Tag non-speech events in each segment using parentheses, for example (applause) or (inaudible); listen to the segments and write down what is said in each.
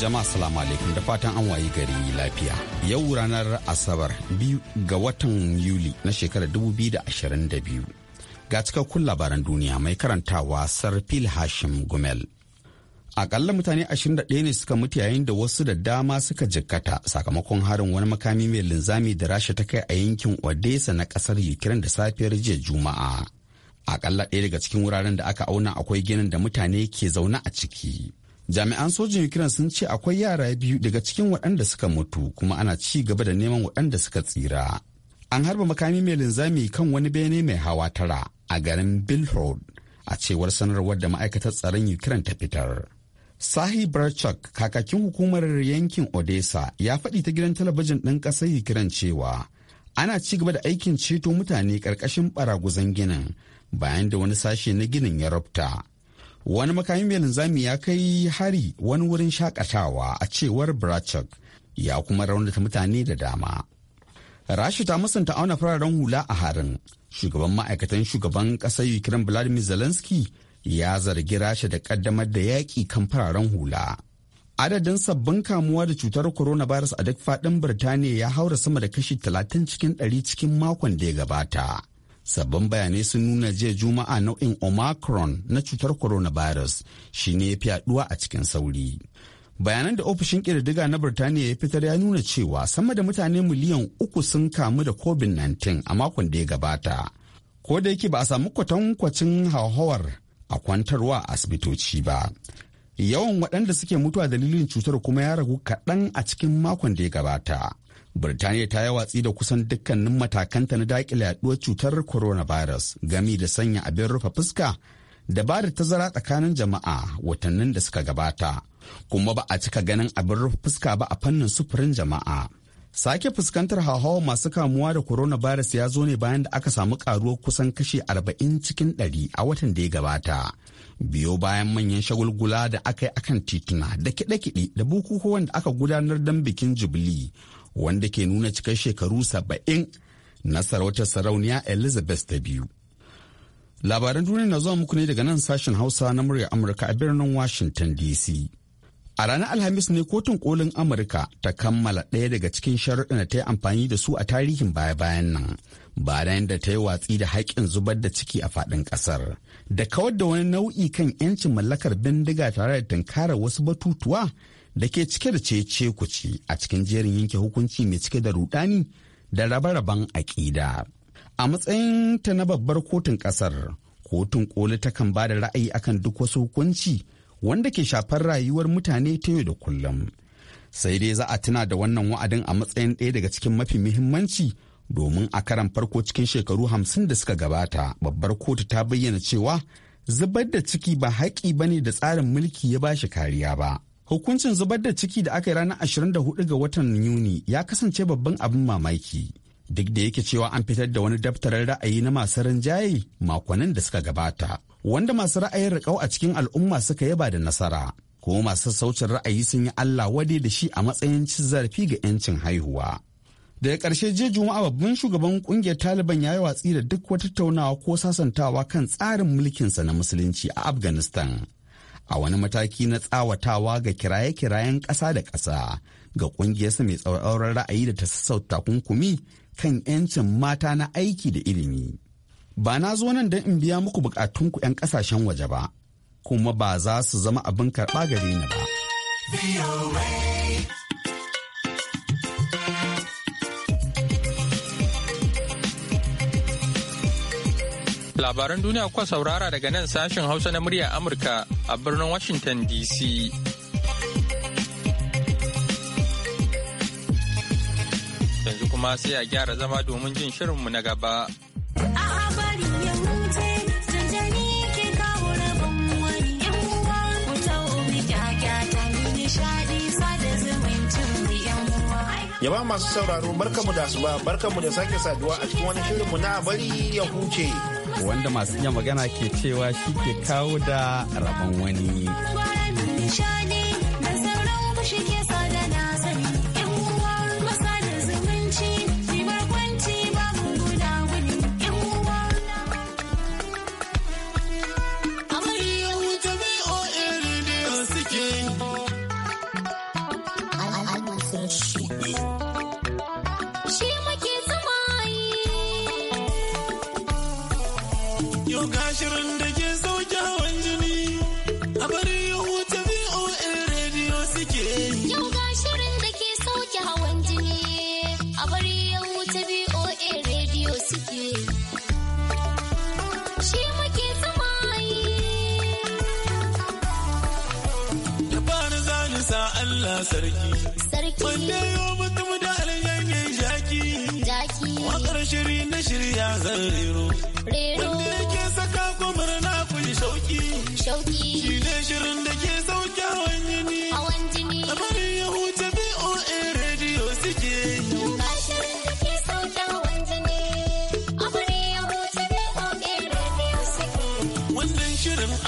jama'a salamu alaikum da fatan an wayi gari lafiya. Yau ranar Asabar biyu ga watan Yuli na shekarar 2022. Ga cikakkun labaran duniya mai karantawa fil Hashim Gumel. Akalla mutane 21 ne suka mutu yayin da wasu da dama suka jikkata sakamakon harin wani makami mai linzami da rasha ta kai a yankin Odessa na kasar Ukraine da safiyar jiya Juma'a. Akalla ɗaya daga cikin wuraren da aka auna akwai ginin da mutane ke zaune a ciki. jami'an sojin ukraine sun ce akwai yara biyu daga cikin waɗanda suka mutu kuma ana ci gaba da neman waɗanda suka tsira an harba makami mai linzami kan wani bene mai hawa tara a garin billroad a cewar sanarwar da ma'aikatar tsaron ukraine ta fitar sahi barchuk kakakin hukumar yankin odessa ya faɗi ta gidan talabijin ɗin ƙasar ukraine cewa ana ci gaba da aikin ceto mutane ƙarƙashin ɓaraguzan ginin bayan da wani sashe na ginin ya rabta wani makamin mai linzami ya kai hari wani wurin shakatawa a cewar brachuk ya kuma raunata mutane da dama rasha ta musanta auna fararen hula a harin shugaban ma'aikatan shugaban ƙasar ukraine vladimir zelensky ya zargi rasha da ƙaddamar da yaƙi kan fararen hula adadin sabbin kamuwa da cutar coronavirus a duk faɗin birtaniya ya haura sama da kashi 30 cikin 100 cikin makon da ya gabata sabbin bayanai sun nuna jiya juma'a nau'in omicron na cutar coronavirus shi ne ya fi a cikin sauri bayanan da ofishin kirdiga na birtaniya ya fitar ya nuna cewa sama da mutane miliyan uku sun kamu da covid-19 a makon da ya gabata ko da yake ba a samu kwatankwacin hauhawar a kwantarwa a asibitoci ba yawan waɗanda suke mutuwa dalilin cutar kuma ya ragu kaɗan a cikin makon da ya gabata Birtaniya ta yi watsi da kusan dukkanin matakanta na daƙile yaduwar cutar coronavirus gami da sanya abin rufe fuska da ba da tazara tsakanin jama'a watannin da suka gabata, kuma ba a cika ganin abin rufe fuska ba a fannin sufurin jama'a. Sake fuskantar hauhawar masu kamuwa da coronavirus ya zo ne bayan da aka samu karuwar kusan kashe arba'in cikin 100 a watan da ya gabata. Biyo bayan manyan shagulgula da aka yi akan tituna da kiɗe-kiɗe da bukukuwan da aka gudanar don bikin Jubilee wanda ke nuna cikar shekaru saba'in na sarautar sarauniya elizabeth ta biyu labaran duniya na zuwa muku ne daga nan sashen hausa na murya amurka a birnin washington dc a ranar alhamis ne kotun kolin amurka ta kammala ɗaya daga cikin sharuɗa da ta yi amfani da su a tarihin baya-bayan nan bayan da ta yi watsi da haƙƙin zubar da ciki a faɗin ƙasar da kawar da wani nau'i kan 'yancin mallakar bindiga tare da tunkarar wasu batutuwa da ke cike da cece kuci a cikin jerin yanke hukunci mai cike da rudani da rabe-raben aƙida. A matsayin ta na babbar kotun ƙasar, kotun koli takan ba da ra'ayi akan duk wasu hukunci wanda ke shafar rayuwar mutane ta yau da kullum. Sai dai za a tuna da wannan wa'adin a matsayin ɗaya daga cikin mafi muhimmanci domin a karan farko cikin shekaru hamsin da suka gabata babbar kotu ta bayyana cewa zubar da ciki ba haƙi ne da tsarin mulki ya ba shi kariya ba. Hukuncin zubar da ciki da aka yi ranar 24 ga watan Yuni ya kasance babban abin mamaki. Duk da yake cewa an fitar da wani daftarin ra'ayi na masu rinjaye makonnin da suka gabata, wanda masu ra'ayin riƙau a cikin al'umma suka yaba da nasara. Kuma masu saucin ra'ayi sun yi Allah wade da shi a matsayin cin zarafi ga 'yancin haihuwa. Daga karshe je Juma'a babban shugaban ƙungiyar Taliban ya yi watsi da duk wata tattaunawa ko sasantawa kan tsarin mulkinsa na musulunci a Afghanistan. a wani mataki na tsawatawa ga kiraye-kirayen ƙasa da ƙasa ga ƙungiyarsa mai tsauraran ra'ayi da ta sassauta kunkumi kan 'yancin mata na aiki da ilimi. Ba na zo nan don in biya muku ku 'yan ƙasashen waje ba, kuma ba za su zama abin karɓa gare ni ba. Labaran duniya kuka saurara daga nan sashen Hausa na murya Amurka a birnin Washington DC. Yanzu kuma sai a gyara zama domin jin shirinmu na gaba. Yaba masu sauraro barkamu da asuba barkamu da sake saduwa a cikin wani shirinmu na bari ya huce. wanda masu iya magana ke cewa shi ke kawo da rabon wani. should've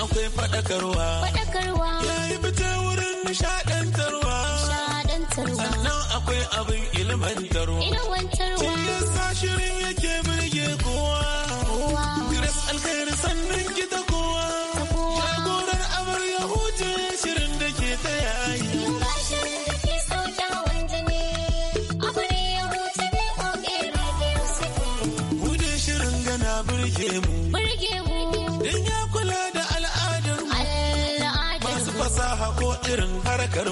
akwai faɗakarwa. Faɗakarwa. yi fita wurin nishaɗantarwa. Nishaɗantarwa. Sannan akwai abin ilmantarwa. Ilmantarwa. Shi sashirin yake birge kowa. Kowa. Grace alkhairi. harkar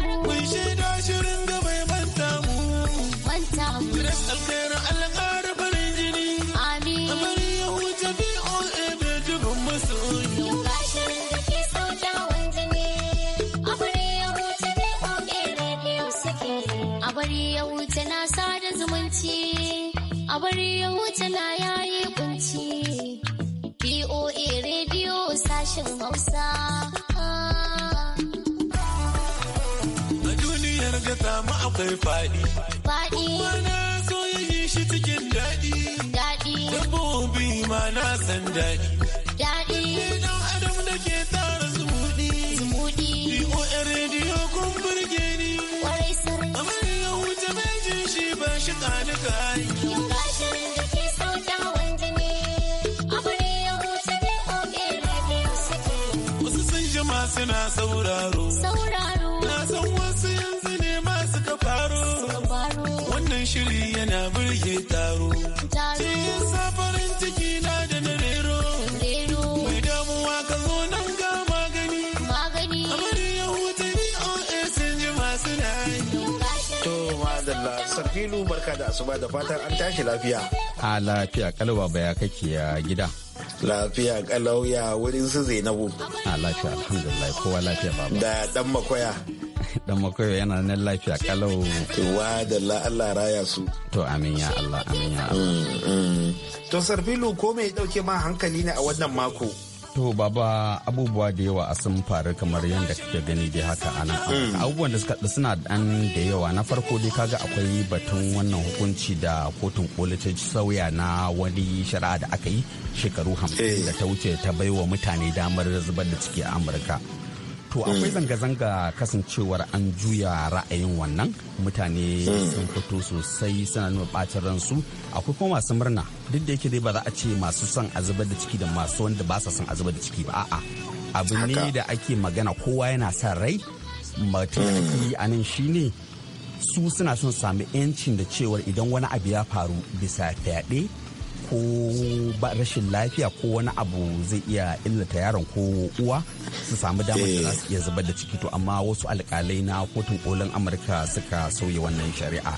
mu mun shaida shirin gaba ya manta mu manta mu Grace alkhairu alƙara farin jini amin kamar ya huce eh, BOA bai dubin masoyi yau a bari ya huce a na sada zumunci a bari na yaye kunci BOA radio sashen Hausa ah. akwai faɗi. Faɗi. Mana so yi shi cikin daɗi. Daɗi. Dabbobi ma na san daɗi. Daɗi. Idan adam da ke tara zumuɗi. Zumuɗi. o rediyo kun burge ni. Kwarai sir. Amar ya wuce mai jin shi ba shi ƙani kai. suna sauraro. Sauraro. yi taro cikin safarin ciki na da na rero mai damuwa ka zo nan ga magani amari ya huta boa sun ji masu na to madalla sarfilu barka da asuba da fatan an tashi lafiya a lafiya kalwa baya kake ya gida lafiya kalauya wurin su zainabu a lafiya alhamdulillah kowa lafiya baba da dan makwaya. (laughs) dan makoyo yana nan lafiya kalau wa da Allah raya su to amin ya Allah amin ya Allah mm, mm. to sarfilu ko mai ya dauke ma hankali ne a wannan mako to baba abubuwa da yawa sun faru kamar yadda kake gani dai haka ana mm. abubuwan da suka suna dan da yawa na farko dai kaga akwai batun wannan hukunci da kotun koli ta sauya na wani shari'a da aka yi shekaru hamsin eh. da ta wuce ta baiwa mutane damar zubar da ciki a amurka to akwai mm. zanga-zanga kasancewar an juya ra'ayin wannan mutane mm. sun fito sosai suna nuna bacin ransu akwai kuma masu murna duk da yake dai ba za a ce masu son a zubar da ciki da masu wanda ba sa son a zubar da ciki ba a'a abu ne da ake magana kowa yana sa rai mutum mm. a nan shine su suna son sami 'yancin da cewar idan wani abu ya faru bisa fyaɗe ko ba rashin lafiya ko wani abu zai iya illata yaron ko uwa su samu damar da za su iya zubar da ciki to amma wasu alkalai na kotun kolin amurka suka sauya wannan shari'a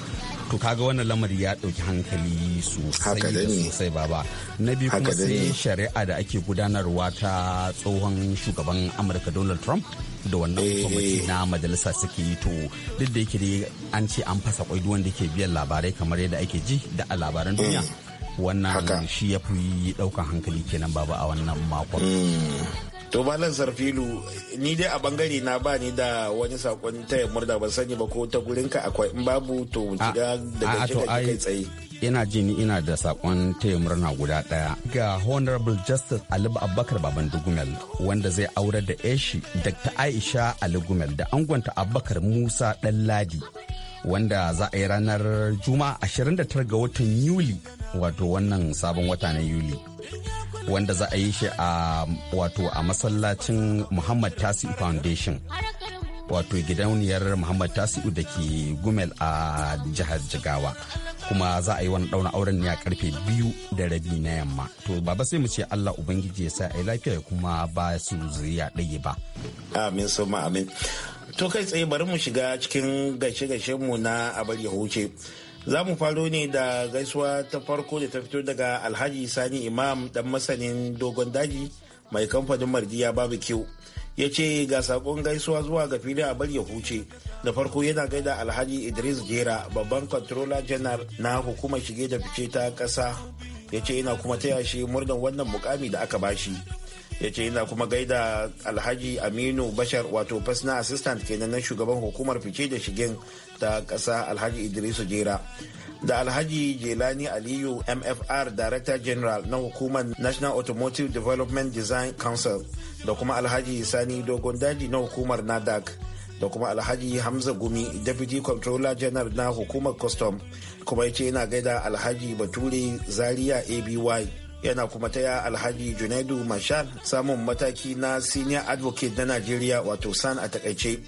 to kaga wannan lamari ya dauki hankali sosai da sosai baba na biyu kuma sai shari'a da ake gudanarwa ta tsohon shugaban amurka donald trump da wannan eh. kwamiti na majalisa suke yi to duk da yake an ce an fasa kwai wanda ke biyan labarai kamar yadda ake ji da a labaran duniya eh. wannan shi ya fi daukan hankali kenan baba a wannan makon hmm. to malam sarfilu ni dai a bangare na ba ni da wani sakon taya murda ban sani ba ko ta gurin ka akwai in babu to daga shi kai tsaye ina ni ina da sakon taya murna guda daya ga honorable justice ali abubakar baban dugumel wanda zai aurar da eshi dr aisha ali gumel da angonta abubakar musa dan ladi wanda za a yi ranar juma'a 29 ga watan yuli wato wannan sabon wata na yuli wanda za a yi shi a wato a masallacin muhammad tasi foundation wato gidauniyar muhammad tasi'u da ke gumel a jihar jigawa kuma za a yi wani dauna auren ne a karfe biyu da rabi na yamma to baba sai mu ce allah ubangiji ya sa a yi lafiya kuma ba su zuriya ɗaya ba amin so amin To kai tsaye bari mu shiga cikin gaishe mu na abar ya huce. Za mu faro ne da gaisuwa ta farko da ta fito daga Alhaji Sani Imam dan masanin dogon daji mai kamfanin Mardiya kyau Ya ce ga sakon gaisuwa zuwa ga fili a bar ya huce. Da farko yana gaida Alhaji Idris Jera babban controller general na hukumar shige da fice ta ƙasa. Ya ce yana kuma ta shi murnar wannan mukami da aka bashi. ya ce yana kuma gaida alhaji aminu bashar wato personal assistant kenan na shugaban hukumar fice da shigen ta ƙasa alhaji idrisu jera da alhaji jelani aliyu mfr director general na hukumar national automotive development design council da kuma alhaji sani dogon daji na hukumar nadak da kuma alhaji hamza gumi deputy controller general na hukumar custom kuma ya ce yana gaida alhaji bature zaria aby yana kuma taya alhaji junaidu mashal samun mataki na senior advocate na nigeria wato san a takaice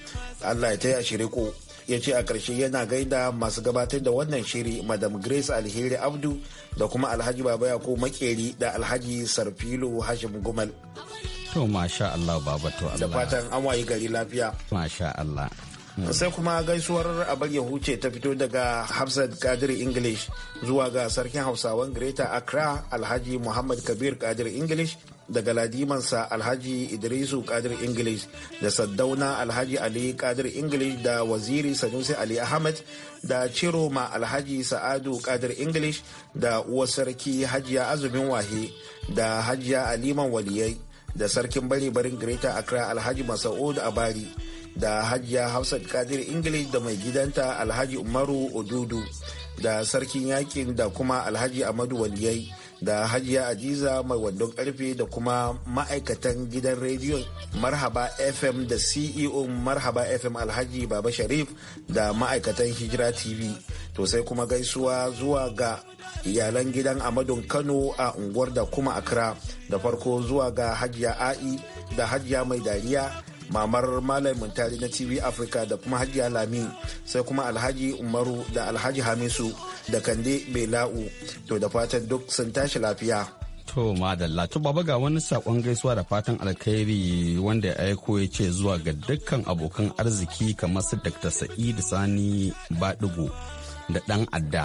allah ya taya shi riko ya ce a ƙarshe yana gaida masu gabatar da wannan shiri madam grace alheri abdu da kuma alhaji baba yako makeri da alhaji sarfilo hashim gumal to masha allah baba to allah da fatan an wayi gari lafiya masha allah sai kuma gaisuwar abar ya ta fito daga hafsat kadir english zuwa ga sarkin hausawan greta accra alhaji muhammad kabir kadir english da galadimansa alhaji idrisu kadir english da saddauna alhaji ali kadir english da waziri sanusi ali ahmed da ciroma alhaji sa'adu kadir english da uwa sarki hajiya azumin wahe da hajiya aliman waliyai da sarkin bari barin greta accra alhaji masa'ud bari. da hajiya hafsat kadir ingilish da mai gidanta alhaji umaru odudu da sarkin yakin da kuma alhaji amadu waliyai da hajiya ajiza mai wandon karfe da kuma ma'aikatan gidan rediyo marhaba fm da ceo marhaba fm alhaji baba sharif da ma'aikatan hijira tv to sai kuma gaisuwa zuwa ga iyalan gidan amadun kano a unguwar da kuma accra da farko zuwa ga hajiya a'i da hajiya mai dariya mamar malamin muntari na tv africa da kuma hajiya lami sai kuma alhaji umaru da alhaji hamisu da kande bela'u to da fatan duk sun tashi lafiya to madalla to baba ga wani sakon gaisuwa da fatan alkhairi wanda ya aiko ya ce zuwa ga dukkan abokan arziki kamar su dr sa'idu sani badugo da ɗan adda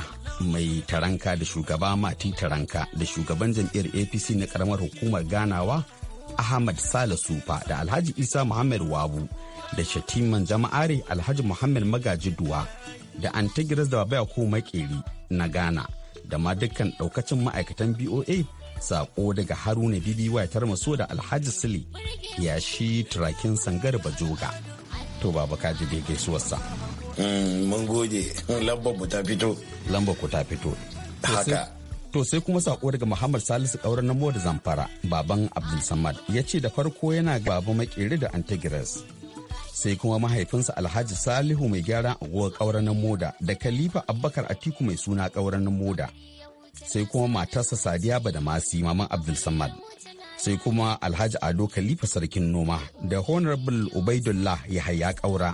mai taranka da shugaba mati taranka da shugaban jam'iyyar apc na karamar hukumar ganawa Ahmad Salisu Sufa da Alhaji Isa Muhammad Wabu da Shatiman Jama'are Alhaji Muhammad Magaji Duwa da Antigras da Babaya ko Makeri na Ghana da ma dukkan daukacin ma'aikatan BOA sako daga Haruna Bibi tar Maso da Alhaji Sule ya shi turakin sangar Bajoga. To baba kaji da suwarsa. Mm, mun gode, (laughs) lambar ku ta fito. Lambar ku ta fito. Haka. To sai kuma sako daga Muhammad Salisu Kaura na Moda Zamfara, baban Abdul Samad, ya ce da farko yana baba makeri da antigras Sai kuma mahaifinsa Alhaji Salihu mai gyara a Kaura na Moda da Khalifa Abubakar Atiku mai suna Kaura na Moda. Sai kuma matarsa Sadiya masi maman Abdul Samad. Sai kuma Alhaji Ado Khalifa Sarkin Noma da Honorable Ubaidullah Yahaya Kaura.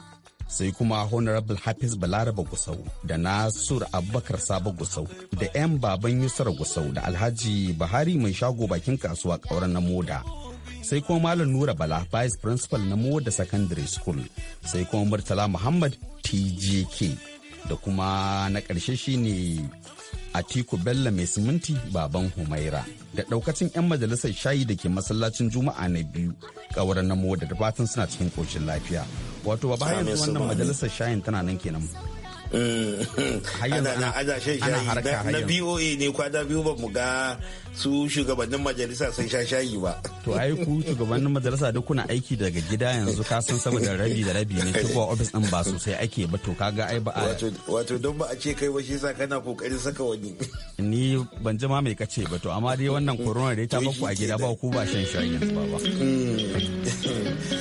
sai kuma honorable hafiz balaraba gusau da nasur abubakar sabo gusau da 'yan baban yusra gusau da alhaji bahari mai shago bakin kasuwa kauran na moda sai kuma malam nura bala vice principal na moda secondary school sai kuma murtala muhammad TGK da kuma na ƙarshe shine Atiku Bello mai siminti baban Humaira da daukacin 'yan majalisar shayi da ke masallacin Juma'a na biyu kawar na da fatan suna cikin ƙoshin lafiya. Wato ba bayan wannan majalisar shayin tana nan kenan. ana shan shayi na BOA ne kwada biyu ba mu ga su shugabannin majalisa sun sha shayi ba. To ai ku shugabannin majalisa duk kuna aiki daga gida yanzu ka san sama da rabi da rabi ne tuba ofis din ba sosai ake ba to kaga ai ba wato don ba a ce kai ba shi sa kana kokarin saka wani. Ni ban jima mai kace ba to amma dai wannan corona dai ta baku a gida ba ku ba shan shayi yanzu ba ba. Hmm. (laughs)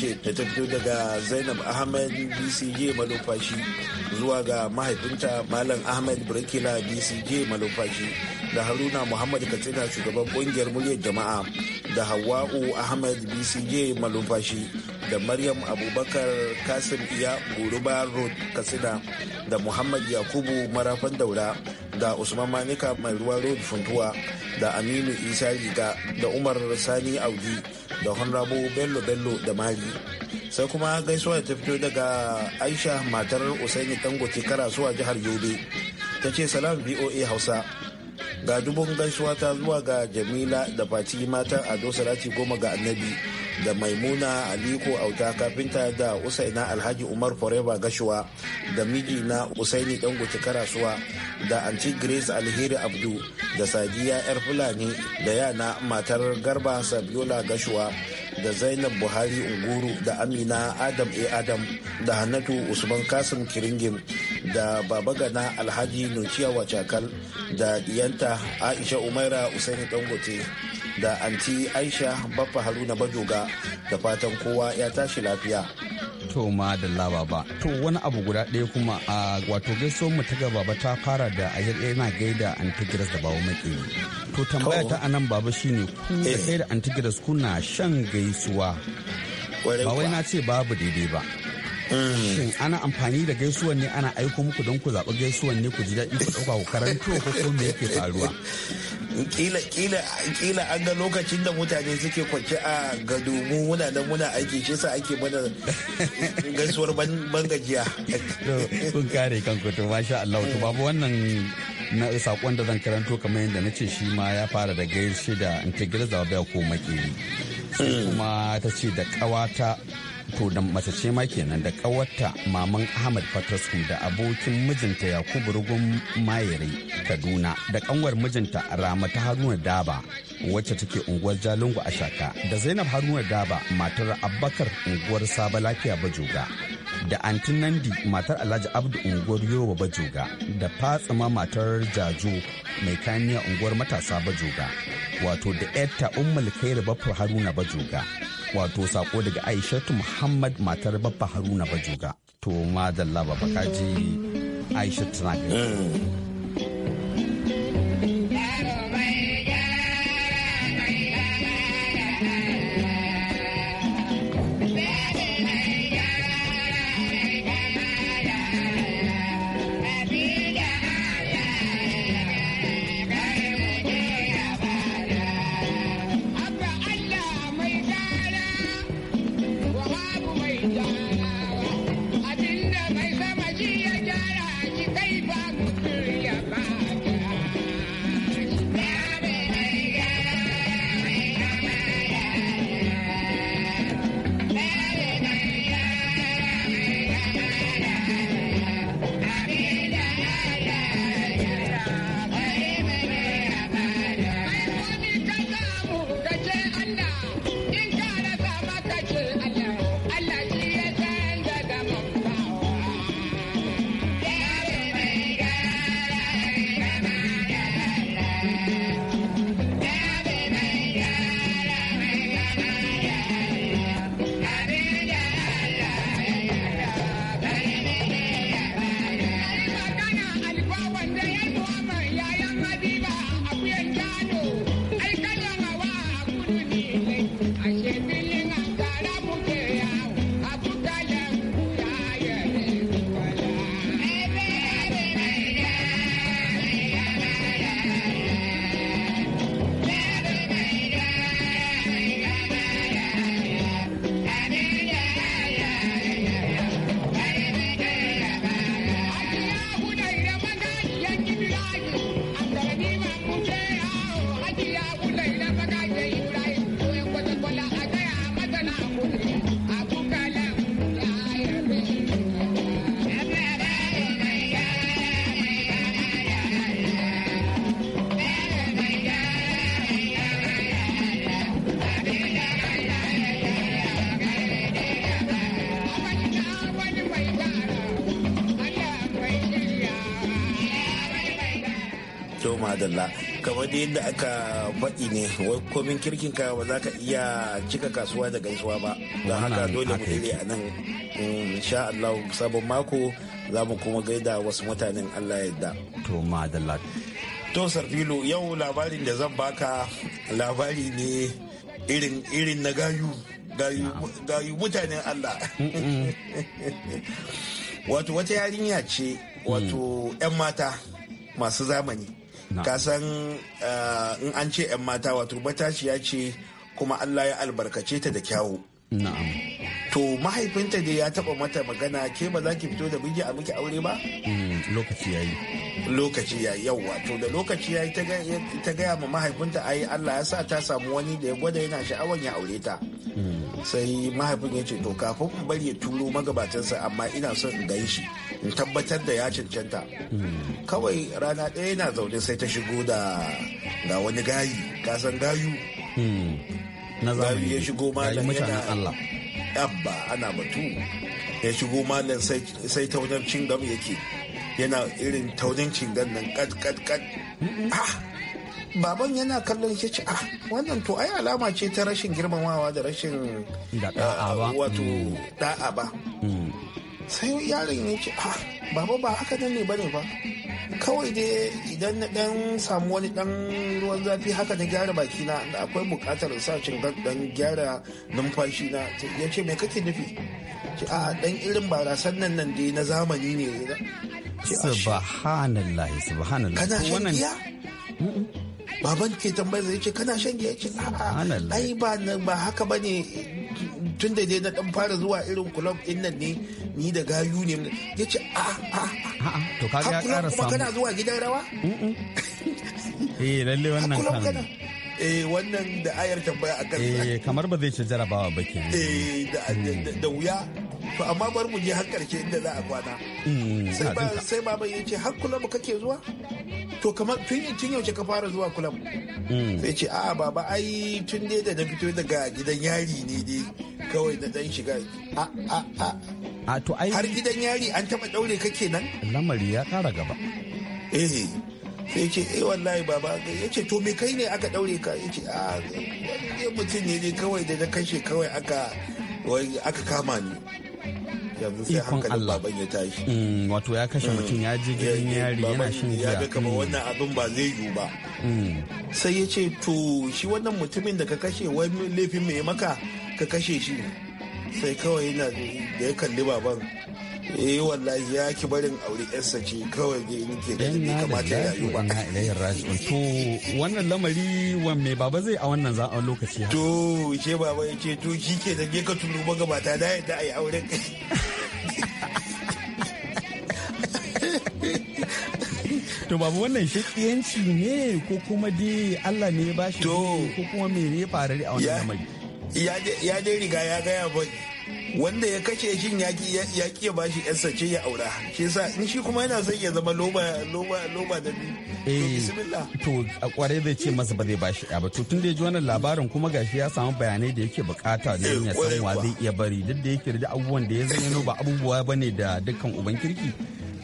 ce da ta fito daga zainab ahmed bcg malofashi zuwa ga mahaifinta malam ahmed burkila bcg malofashi da haruna muhammad katsina shugaban kungiyar muryar jama'a da hawa'u ahmed bcg malofashi da maryam abubakar kasim iya guruba road katsina da muhammad yakubu marafan daura da usman manika mai ruwa road funtuwa da aminu isa riga da umar sani audi da honrabu bello bello da mari sai kuma gaisuwa ta fito daga aisha matar usaini dangote zuwa jihar yobe ta ce salam voa hausa ga dubun gaisuwa ta zuwa ga jamila da fati mata ado salati goma ga annabi da maimuna aliko auta kafinta da usaina alhaji umar forever gashuwa da miji na usaini dangote karasuwa da anti grace alheri abdu da sadiya yar fulani da yana matar garba sabiola gashuwa da zainab buhari unguru da amina adam a adam da hannatu usman kasim kiringin da babagana alhaji nuciya wacakal da diyanta aisha umaira usaini dangote da anti aisha baffa haruna bajoga da fatan kowa ya tashi lafiya to ma da laba ba to wani abu guda ɗaya kuma a wato gaisuwar mu ta gaba ta fara da ayar yana gaida antigiras da bawo maki to tambaya ta anan baba shine ku da eh. kai da antigiras kuna shan gaisuwa ba wai na ce babu daidai ba mm. Shin ana amfani da gaisuwan ne ana aiko muku don ku zaɓi gaisuwan ne ku ji daɗi ku ɗauka ku karanto ko me yake faruwa? (laughs) kila kila kila an ga lokacin da mutane suke kwance a gado mu muna nan muna aiki shi sa ake mana (laughs) gaisuwar ban gajiya kun kare kanku to masha Allah to babu wannan na sakon da zan karanto kamar yadda nace shi ma ya fara da gaishe da integral zawa ko makeri hmm. kuma ta ce da kawata to da mace ce ma kenan da kawarta maman ahmad fatasku da abokin mijinta yakubu rugun mayere kaduna da kanwar mijinta rama ta haruna daba wacce take unguwar jalungu a shaka da zainab haruna daba matar abakar unguwar saba lafiya joga. da antin nandi matar alhaji abdu unguwar yoruba bajoga da fatsima matar jajo mai kaniya unguwar matasa bajoga wato da etta ummul khairu baffa haruna bajoga wato sako daga aishatu muhammad matar baffa haruna bajoga to ma ba kaji aishatu tana madalla kamar da yadda aka faɗi ne wai komin kirkin ka ba za ka iya cika kasuwa da gaisuwa ba don haka dole mu ne a nan insha Allah sabon mako za mu kuma gaida wasu mutanen Allah yadda to madalla to sarfilo yau labarin da zan baka labari ne irin irin na gayu gayu mutanen Allah (laughs) wato wata yarinya ce wato 'yan mm. mata masu zamani kasan eh, in an ce 'yan mata wato matashiya ce kuma allah ya albarkace ta da kyawu na'am to mahaifinta da ya taba mata magana ke ba za ki fito da biki a miki aure ba mm, lokaci yi. lokaci ya yawa to da lokaci yi ta gaya ma mahaifinta ai Allah ya sa ta samu wani da ya gwada yana sha'awan ya aure ta mm. sai mahaifin ya ce to kafin ku bari ya turo magabatansa amma ina son in gan shi in tabbatar da ya cancanta mm. kawai rana ɗaya yana zaune sai ta shigo da ga wani gayi kasan gayu na zamani ya shigo malam mutanen Allah abba ana batu ya shigo malam sai ta wajen cingam yake yana irin ta wajen cingan nan kat kat kat ah, baban yana kallon shi ce ah wannan to ai alama ce ta rashin girmamawa da rashin ah, wato da'a mm. ba mm. sai yaron ce a ah, baba ba haka nan ne bane ba kawai dai idan na dan samu wani dan ruwan zafi haka na gyara baki na da akwai bukatar sa cin dan gyara numfashi na ya ce me kake nufi a ah, dan irin barasan nan nan dai na zamani ne ah, subhanallah subhanallah kana shan giya baban ke tambayar zai ce kana shan giya ce a'a ai ba haka bane tun da dai na dan fara zuwa irin club din nan ne ni da gayu ne ya ce a a to ga ya kara samu kana zuwa gidan rawa (laughs) eh lalle wannan kan eh wannan da ayar tambaya a kan eh kamar ba zai ci jarabawa ba ke eh hmm. da wuya to amma bar mu je har karshe inda za a kwana hmm, sai baba ya ce har kulam kake zuwa to kamar tun tun yaushe ka fara zuwa kulam hmm. sai ce a'a baba ai tun dai da na fito daga gidan yari ne dai kawai da dan shiga a a a a to ai har gidan yari an taba daure ka kenan lamari ya kara gaba eh sai ce eh wallahi baba ya ce to me kai ne aka daure ka ya ce ah, ne mutum ne ne kawai da na kashe kawai aka aka kama ni yanzu sai hankalin baban ya tashi mm, wato ya kashe mm. mutum ya je gidan yari yana shin ya ga kamar mm. wannan abin ba zai yiwu ba sai ya ce to shi wannan mutumin da ka kashe wani laifin mai maka ka kashe shi sai kawai yana da ya kalli baban eh wallahi ya ki barin aure yarsa ce kawai ne ke da ne kamata ya yi ba to wannan lamari wan mai baba zai a wannan za a lokaci to ce baba ya ce to shi ke da je ka tulu ba gaba ta da yadda a yi auren (laughs) to babu wannan shakiyanci ne ko kuma dai Allah ne ya bashi ko kuma me ne ya faru a wannan lamari ya dai riga ya gaya ba wanda ya kashe shin ya ki ya shi yan sace ya aura shi sa in shi kuma yana son ya zama loba loba loba da eh, to a kware zai ce masa ba zai bashi shi ba to tun da ya ji wannan labarin kuma gashi ya samu bayanai da yake bukata ne eh, ya san wa zai iya bari duk da yake da abubuwan da ya zano ba abubuwa bane da dukkan uban kirki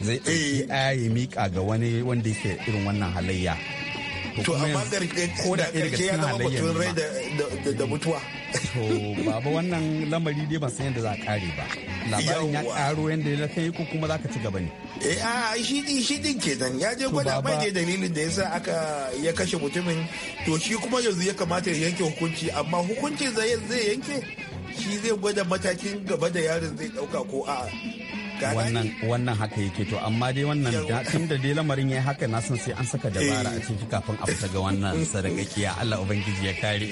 zai eh. ɗauki ya mika ga wani wanda yake irin wannan halayya to amma garke ko da irin halayya da mutuwa so babu wannan lamari dai ba san yadda za a kare ba labarin ya karo yadda ya kai ko kuma za ka ci gaba ne eh a shi din shi din kenan ya je gwada bai da dalilin da yasa aka ya kashe mutumin to shi kuma yanzu ya kamata ya yanke hukunci amma hukuncin zai yanke shi zai gwada matakin gaba da yarin zai dauka ko a'a wannan wannan haka yake to amma dai wannan tun da dai lamarin ya haka na san sai an saka dabara a ciki kafin a fita ga wannan sadakakiya Allah ubangiji ya kare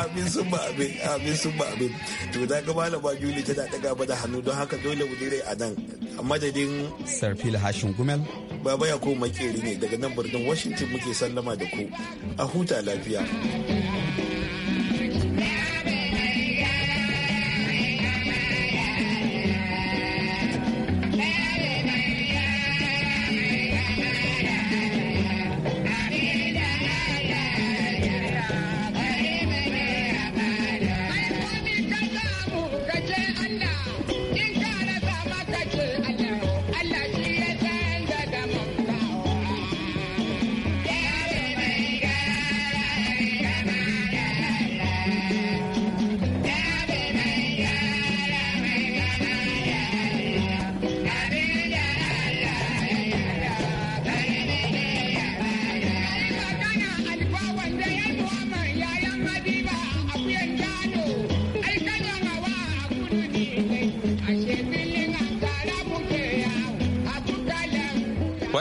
amin sun ba abin amin sun ba abin to da ga malama Juli ta daga ba da hannu don haka dole mu dire a nan madadin Sarfil Hashin Gumel baba ya ko makeri ne daga nan birnin Washington muke sallama da ku a huta lafiya